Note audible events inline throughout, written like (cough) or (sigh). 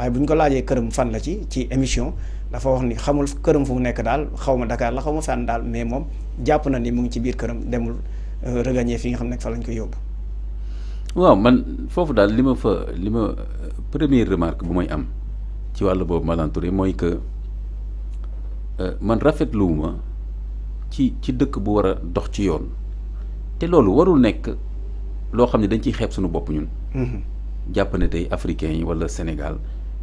waaye bu ñu ko laajee këram fan la ci ci émission dafa wax ni xamul këram fu mu nekk daal xaw ma Dakar la xaw ma fenn daal mais moom jàpp na ni mu ngi ci biir këram demul euh, regañee fi nga xam ne fa lañ ko yóbbu. waaw man foofu daal li ma fa li ma première remarque bu may am ci wàllu boobu Madane Touré mooy que euh, man rafetluwuma ci ci dëkk bu war a dox ci yoon te loolu warul nekk loo xam ne dañ ciy xeeb sunu bopp ñun. Mm-hmm. jàpp ne tey africains yi walla Sénégal.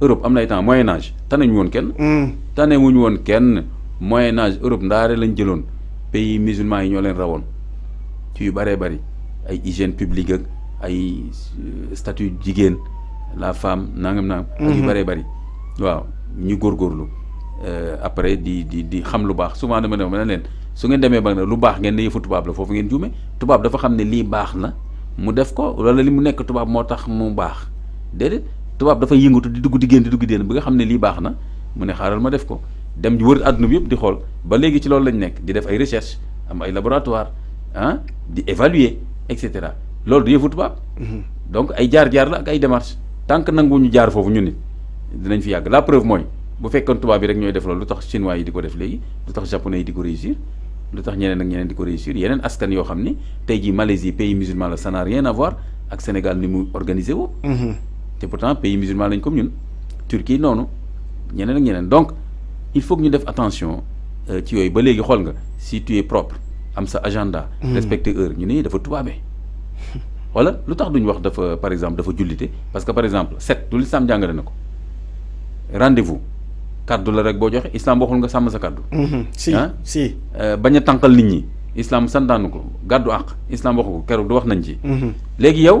Europe am na ay temps Moyen Âge tànnuñu woon kenn. Hmm. tànnewuñu woon kenn Moyen Âge Europe ndaare lañ jëloon pays musulman yi ñoo leen rawoon ci yu bëree bëri ay hygiène publique ak ay euh, statut jigéen la femme nangam nangam. ak yu hmm. bëree bëri waaw góor góorgóorlu euh, après di di di xam lu baax souvent dama ne ma leen su ngeen demee ba lu baax ngeen ne yëfu tubaab la foofu ngeen juume tubaab dafa xam ne lii baax na mu def ko wala li mu nekk tubaab moo tax mu baax déedéet. tubaab dafay yëngatu di dugg di génn di dugg di génn bi nga xam ne lii baax na mu ne xaaral ma def ko dem wër àdduna bi yëpp di xool ba léegi ci loolu lañ nekk di def ay recherche am ay laboratoire ah di évaluer et cetera loolu du yëfu tubaab. Mhm. donc ay jaar-jaar la ak ay démarches tant que nangu jaar foofu ñu nit dinañ fi yàgg la preuve mooy bu fekkoon tubaab bi rek ñooy def loolu lu tax chinois yi di ko def léegi lu tax japonais yi di ko réussir. lu tax ñeneen ak ñeneen di ko réussir yeneen askan yoo xam ni tey jii Malaisie pays musulman la ça n'a rien à voir ak Sénégal ni mu organisé woo te pourtant pays musulman lañ comme ñun Turquie noonu ñeneen ak ñeneen donc il faut que ñu def attention euh, ci yooyu ba léegi xool nga si tu es propre am sa agenda. Hmm. respecter heure ñu ne dafa tubaabee. wala (laughs) lu tax duñ wax dafa par exemple dafa jullite parce que par exemple set du lislaam jàngale na rendez-vous kaddu la rek boo joxe islam waxul nga sàmm sa kaddu. Hmm, si ah? si euh, bañ tankal tànqal nit ñi islam santaanu ko gàddu àq islam waxu ko keroog du wax nañ ci. Hmm. yow.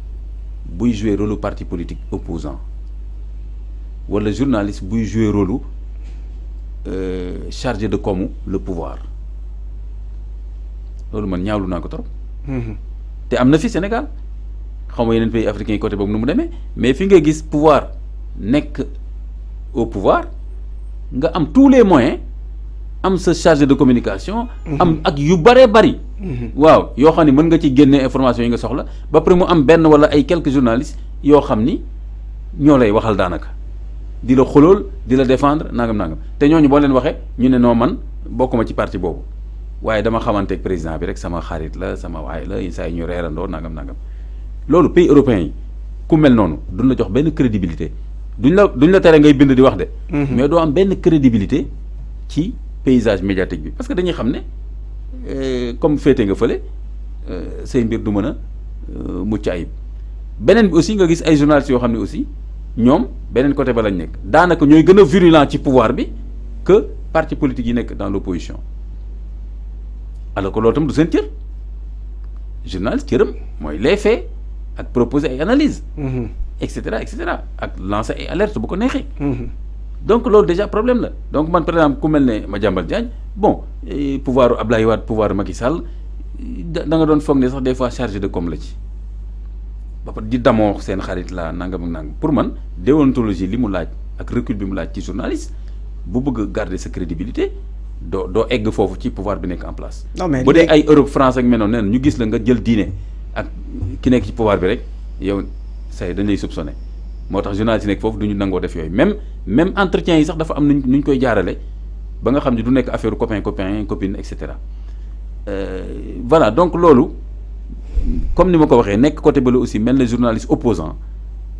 buy jouer rôle parti politique opposant le journaliste buy jouer rôle euh, chargé de comme le pouvoir loolu man ñaawlu naa ko trop. Mhm. te am na fi Sénégal xaw ma yeneen pays africains yi côté boobu nous mu mais fi nga gis pouvoir au pouvoir nga am tous les moyens. am sa chargé de communication. am ak yu bari bari waaw yo xamni meun nga ci génne information yi nga soxla ba pare mu am ben wala ay quelques journalistes yo xamni ni lay waxal danaka di la xolol di la défendre nangam nangam te ñoñu bo leen waxé ñu ne no man bokuma ci parti bobu waye dama xamante ak président bi rek sama xarit la sama way la yeen say ñu rérando nangam nangam lolu pays européen ku mel nonu duñ la jox ben crédibilité duñ la duñ la tere ngay bind di wax de. mais do am ben crédibilité ci. paysage médiatique bi parce que dañuy xam ne euh, comme féete nga fële euh, say mbir du mën a euh, mucc ayib bi aussi nga gis ay journalistes yoo xam aussi ñoom beneen côté ba lañ nek. daanaka ñooy gën a virulent ci pouvoir bi que parti politique yi nekk dans l'opposition alors que loolu tam du seen journaliste cëram mooy les faits ak proposer et analyse mm-hmm. et cetera et cetera ak lancer et alerte, bu ko neexee. Mm-hmm donc loolu déjà problème là. donc man par exemple ku mel ne Madiambal Diagne bon et eh, pouvoir Abdoulaye Wade pouvoir Macky Sall eh, da nga don foog sax des fois chargé de com la ci ba pare di damoo seen xarit la nangam ak nangam pour man déontologie li mu ak recul bi mu laaj ci journaliste bu bëgg garder sa crédibilité Do, do egg fofu ci pouvoir bi nek en place. non mais bu dé ay Europe France ak menoon neen ñu gis la nga jël diiné ak ki nek ci pouvoir bi rek yow say dañ lay soupçonné moi tax journaliste yi nekk foofu du def yoy même même entretien yi sax dafa am nuñ koy jaarale ba nga xamni du nek affaire copain copain copine etc euh voilà donc lolu comme ni mako waxé nek côté bële aussi même les journalistes opposants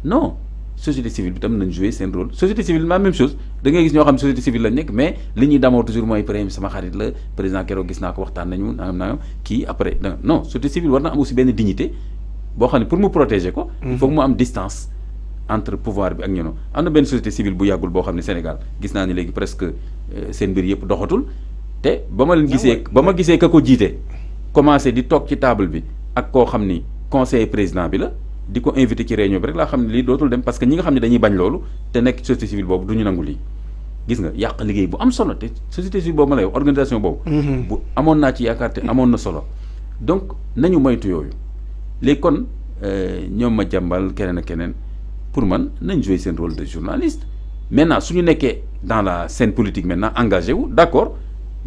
non société civile tam nañ jouer sen rôle société civile même chose da ngay gis ño xam société civile lañ nek mais li ñuy damoo toujours moy premier sama xarit la président kéro gis n'a ko waxtaan nañu nangam nangam ki après non société civile war na am aussi ben dignité bo xamni pour me protéger ko il faut que mo am distance entre pouvoir bi ak ñoom am na benn société civile bu yàggul boo xam ne Sénégal gis naa ne léegi presque euh, seen mbir yëpp doxatul te ba ma leen gisee ba ma gisee ka ko jiite commencé di toog ci table bi ak koo xam ni conseiller président bi la di ko invité ci réunion bi rek laa xam ne lii dootul dem parce que ñi nga xam ne dañuy bañ loolu te nekk société civile boobu du nangu lii gis nga yàq liggéey bu am solo te société civile boobu ma lay organisation boobu mm-hmm. bu amoon naa ci yaakaar te na solo donc nañu moytu yooyu euh, ñoom ma jàmbal keneen keneen pour man nañ jouer ce rôle de journaliste maintenant su ñu nekkee dans la scène politique maintenant engagé wu d'accord, accord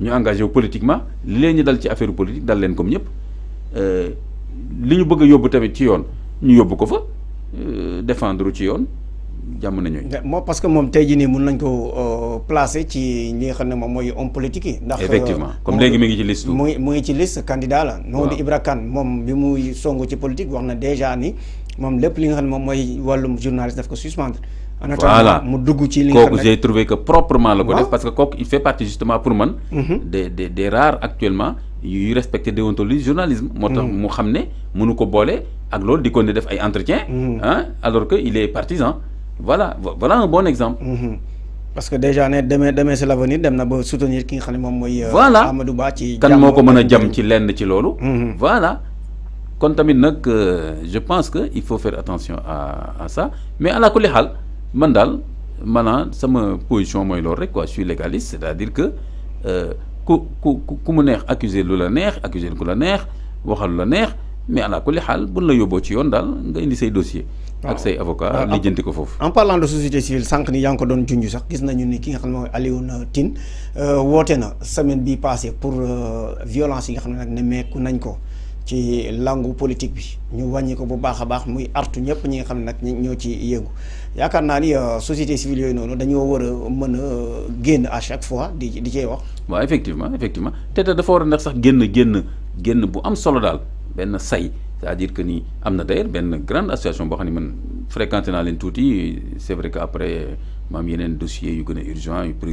ñu engagé politiquement li leen ñu dal ci affaire politique dal leen comme ñëpp euh, li ñu bëgg a tamit ci yoon ñu ko fa euh, défendre ci yoon jàmm nañu. parce que mon tey jii nii mun nañ ko euh, placer ci li xam homme politique ndax effectivement comme léegi mi ngi ci liste. mu ngi ci liste candidat la. waaw Mamadou Ibra Kane bi songu ci politique wax na déjà ni mom lepp li nga xam mom moy walum journaliste daf ko suspendre. en attendant mu dugg ci li nga xam ne j'ai trouvé que proprement la ko def. parce que kok il fait partie justement pour man. Mhm. des des des rares actuellement yu respecté déontologie journalisme. moo mhm. mu xam ne mënu ko boole ak loolu diko ko ne def ay entretien mhm. hein alors que il est partisan. voilà voilà un bon exemple. parce que déjà né demain demain c'est l'avenir dem na ba soutenir ki nga xam mom moy mooy. Euh, Amadou Ba ci. kan moko meuna mën jam ci lenn ci lolu voilà kon tamit nag euh, je pense que il faut faire attention à à ça mais à kulli hal man daal ça me position mooy loolu rek quoi je suis légaliste c'est-à-dire que euh, ku ku ku mu neex accuser lu la accuser ku la neex waxal lu la neex mais ala kulli hal, buñ la yóbboo ci yoon daal nga indi say dossier ak say avocat lijjanti ko foofu en parlant de société civile sànq ni yaa don ko doon junj sax gis nañu ni ki nga xam Alioune Tine euh, woote na semaine bi passée pour violence yi nga xam ne nag nemmeeku ko ci langu politique bi ñu wàññi ko bu baaxa baax muy artu ñëpp ñi nga xam ne ñoo ci yëngu yaakaar naa ni euh, société civile yooyu noonu dañoo war a mën a euh, génn à chaque fois di di cee wax. waaw effectivement effectivement te dafa war a ndax sax génn génn génn bu am solo daal benn say c'est-à-dire que ni am na d'ailleurs benn grande association boo xam ne man fréquenté naa leen tuuti c'est vrai que après euh, ma am yeneen dossiers yu gën a urgent yu.